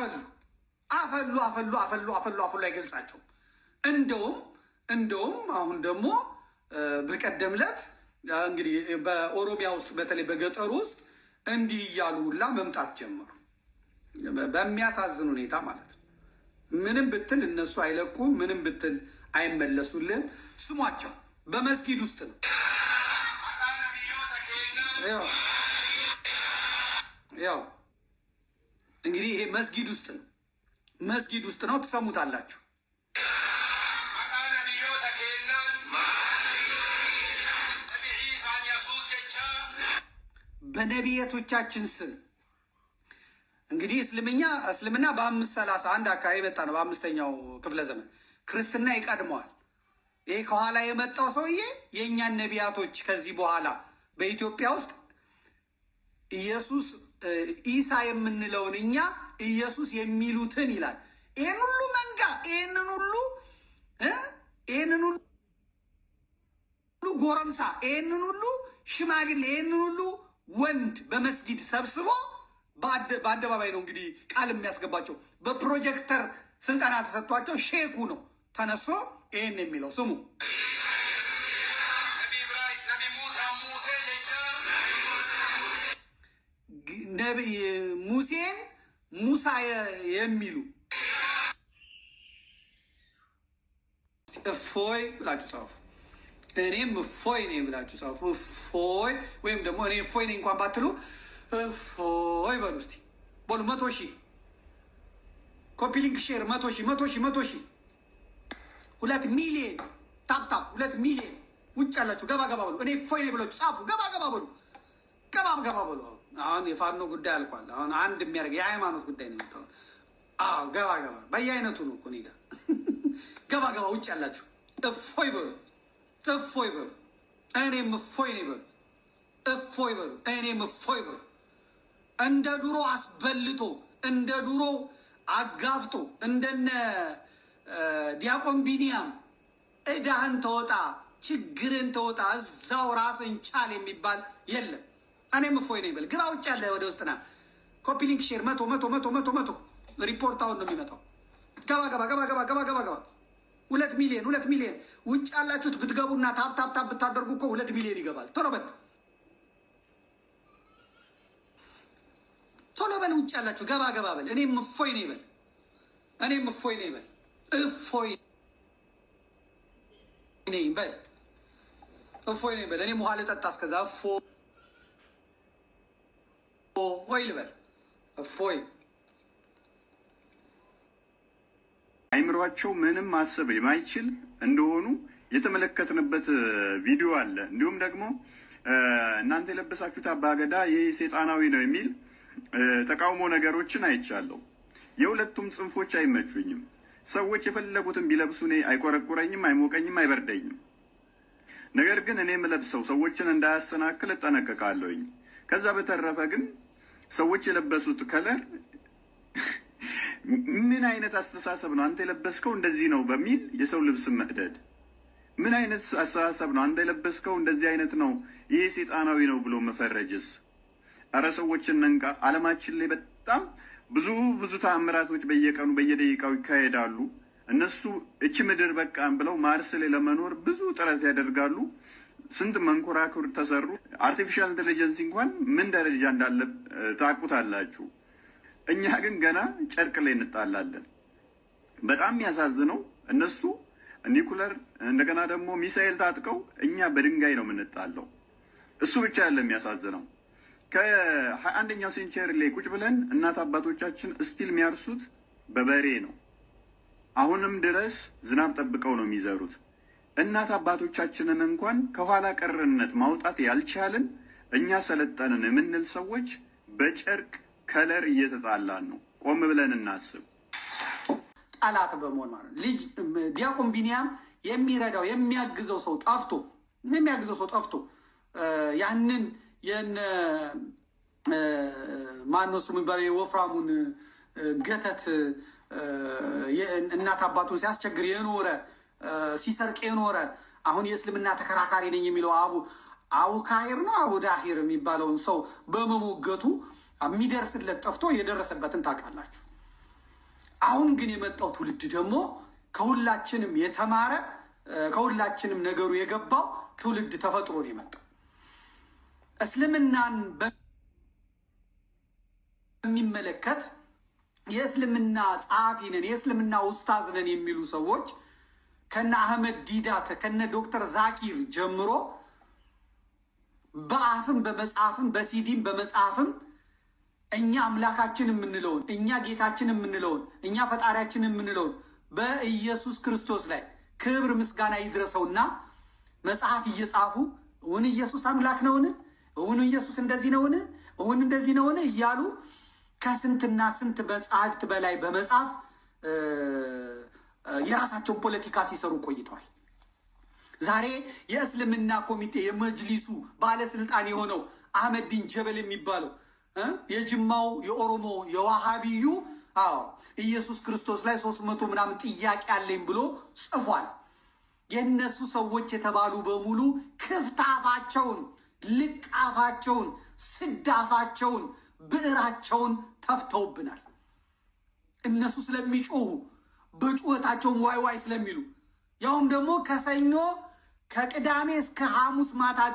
አፈሉ አፈሉ አፈሉ አፈሉ አፈሉ አፈሉ አይገልጻቸውም። እንደውም እንደውም አሁን ደግሞ በቀደም ዕለት እንግዲህ በኦሮሚያ ውስጥ በተለይ በገጠሩ ውስጥ እንዲህ እያሉ ሁላ መምጣት ጀመሩ። በሚያሳዝን ሁኔታ ማለት ነው። ምንም ብትል እነሱ አይለቁም፣ ምንም ብትል አይመለሱልም። ስሟቸው በመስጊድ ውስጥ ነው። መስጊድ ውስጥ ነው። መስጊድ ውስጥ ነው። ትሰሙታላችሁ። በነቢየቶቻችን ስም እንግዲህ እስልምኛ እስልምና በአምስት ሰላሳ አንድ አካባቢ የመጣ ነው። በአምስተኛው ክፍለ ዘመን ክርስትና ይቀድመዋል። ይሄ ከኋላ የመጣው ሰውዬ የእኛን ነቢያቶች ከዚህ በኋላ በኢትዮጵያ ውስጥ ኢየሱስ ኢሳ የምንለውን እኛ ኢየሱስ የሚሉትን ይላል። ይህን ሁሉ መንጋ ይህንን ሁሉ ይህንን ሁሉ ጎረምሳ ይህንን ሁሉ ሽማግሌ ይህንን ሁሉ ወንድ በመስጊድ ሰብስቦ በአደባባይ ነው እንግዲህ ቃል የሚያስገባቸው። በፕሮጀክተር ስልጠና ተሰጥቷቸው ሼኩ ነው ተነስቶ ይህን የሚለው ስሙ ሙሴን ሙሳ የሚሉ እፎይ ብላችሁ ጻፉ። እኔም እፎይ ነኝ ብላችሁ ጻፉ። እፎይ ወይም ደግሞ እኔ እፎይ ነኝ እንኳን ባትሉ እፎይ በሉ እስኪ በሉ። መቶ ሺ ኮፒ ሊንክ ሼር፣ መቶ ሺ መቶ ሺ መቶ ሺ ሁለት ሚሊዮን ታፕታፕ፣ ሁለት ሚሊየን ውጭ ያላችሁ ገባ ገባ በሉ። እኔ እፎይ ነኝ ብላችሁ ጻፉ። ገባ ገባ በሉ፣ ገባ ገባ በሉ። አሁን የፋኖ ጉዳይ አልኳል አሁን አንድ የሚያደርግ የሃይማኖት ጉዳይ ነው የመጣሁት። አዎ ገባ ገባ በየአይነቱ ነው እኔ ጋር ገባ ገባ። ውጭ ያላችሁ እፎይ በሉ፣ እፎይ በሉ። እኔም እፎይ ነኝ በሉ፣ እፎይ በሉ። እኔም እፎይ በሉ። እንደ ድሮ አስበልቶ እንደ ድሮ አጋፍጦ እንደነ ዲያቆን ቢኒያም እዳህን ተወጣ ችግርን ተወጣ እዛው ራስን ቻል የሚባል የለም። እኔም እፎይ ነው ይበል። ግባ ውጭ ያለ ወደ ውስጥና ኮፒ ሊንክ ሼር መቶ መቶ መቶ መቶ መቶ ሪፖርት አሁን ነው የሚመጣው። ገባ ገባ ገባ ገባ ገባ ገባ ገባ ሁለት ሚሊዮን ሁለት ሚሊዮን ውጭ ያላችሁት ብትገቡና ታፕ ታፕ ታፕ ብታደርጉ እኮ ሁለት ሚሊዮን ይገባል። ቶሎ በል ቶሎ በል ውጭ ያላችሁ ገባ ገባ በል። እኔም እፎይ ነው ይበል። እኔም እፎይ ነው ይበል። እፎይ ነኝ በል። እፎይ ነኝ በል። እኔም ውሃ ልጠጣ እስከዛ እፎ እፎይ ልበል። እፎይ አይምሯቸው ምንም ማሰብ የማይችል እንደሆኑ የተመለከትንበት ቪዲዮ አለ። እንዲሁም ደግሞ እናንተ የለበሳችሁት አባገዳ ይህ ሴጣናዊ ነው የሚል ተቃውሞ ነገሮችን አይቻለሁ። የሁለቱም ጽንፎች አይመቹኝም። ሰዎች የፈለጉትን ቢለብሱ እኔ አይቆረቁረኝም፣ አይሞቀኝም፣ አይበርደኝም። ነገር ግን እኔ የምለብሰው ሰዎችን እንዳያሰናክል እጠነቀቃለሁኝ። ከዛ በተረፈ ግን ሰዎች የለበሱት ከለር ምን አይነት አስተሳሰብ ነው? አንተ የለበስከው እንደዚህ ነው በሚል የሰው ልብስ መቅደድ ምን አይነት አስተሳሰብ ነው? አንተ የለበስከው እንደዚህ አይነት ነው፣ ይሄ ሴጣናዊ ነው ብሎ መፈረጅስ? አረ ሰዎችን ነንቃ። አለማችን ላይ በጣም ብዙ ብዙ ተአምራቶች በየቀኑ በየደቂቃው ይካሄዳሉ። እነሱ እች ምድር በቃን ብለው ማርስ ላይ ለመኖር ብዙ ጥረት ያደርጋሉ። ስንት መንኮራኩር ተሰሩ። አርቲፊሻል ኢንቴሊጀንስ እንኳን ምን ደረጃ እንዳለ ታውቁታላችሁ። እኛ ግን ገና ጨርቅ ላይ እንጣላለን። በጣም የሚያሳዝነው እነሱ ኒኩለር እንደገና ደግሞ ሚሳኤል ታጥቀው፣ እኛ በድንጋይ ነው የምንጣለው። እሱ ብቻ ያለ የሚያሳዝነው ከሀያ አንደኛው ሴንቸሪ ላይ ቁጭ ብለን እናት አባቶቻችን እስቲል የሚያርሱት በበሬ ነው። አሁንም ድረስ ዝናብ ጠብቀው ነው የሚዘሩት። እናት አባቶቻችንን እንኳን ከኋላ ቀርነት ማውጣት ያልቻልን እኛ ሰለጠንን የምንል ሰዎች በጨርቅ ከለር እየተጣላን ነው። ቆም ብለን እናስብ። ጠላት በመሆን ማለት ልጅ ዲያቆን ቢኒያም የሚረዳው የሚያግዘው ሰው ጠፍቶ የሚያግዘው ሰው ጠፍቶ ያንን የነ ማነሱ የሚባለው የወፍራሙን ገተት እናት አባቱን ሲያስቸግር የኖረ ሲሰርቅ የኖረ አሁን የእስልምና ተከራካሪ ነኝ የሚለው አቡ አቡ ካሂር ነው አቡ ዳሂር የሚባለውን ሰው በመሞገቱ የሚደርስለት ጠፍቶ የደረሰበትን ታውቃላችሁ። አሁን ግን የመጣው ትውልድ ደግሞ ከሁላችንም የተማረ ከሁላችንም ነገሩ የገባው ትውልድ ተፈጥሮ ነው የመጣው። እስልምናን በሚመለከት የእስልምና ጸሐፊ ነን የእስልምና ውስታዝ ነን የሚሉ ሰዎች ከነ አህመድ ዲዳተ ከነ ዶክተር ዛኪር ጀምሮ በአፍም በመጽሐፍም በሲዲም በመጽሐፍም እኛ አምላካችን የምንለውን እኛ ጌታችን የምንለውን እኛ ፈጣሪያችን የምንለውን በኢየሱስ ክርስቶስ ላይ ክብር ምስጋና ይድረሰውና መጽሐፍ እየጻፉ እውን ኢየሱስ አምላክ ነውን? እውን ኢየሱስ እንደዚህ ነውን? እውን እንደዚህ ነውን? እያሉ ከስንትና ስንት መጽሐፍት በላይ በመጽሐፍ የራሳቸው ፖለቲካ ሲሰሩ ቆይተዋል። ዛሬ የእስልምና ኮሚቴ የመጅሊሱ ባለስልጣን የሆነው አህመድዲን ጀበል የሚባለው የጅማው የኦሮሞ የዋሃቢዩ አዎ ኢየሱስ ክርስቶስ ላይ ሶስት መቶ ምናምን ጥያቄ አለኝ ብሎ ጽፏል። የእነሱ ሰዎች የተባሉ በሙሉ ክፍት አፋቸውን፣ ልቅ አፋቸውን፣ አፋቸውን፣ ብዕራቸውን ተፍተውብናል እነሱ ስለሚጮሁ በጩኸታቸውም ዋይ ዋይ ስለሚሉ ያውም ደግሞ ከሰኞ ከቅዳሜ እስከ ሐሙስ ማታ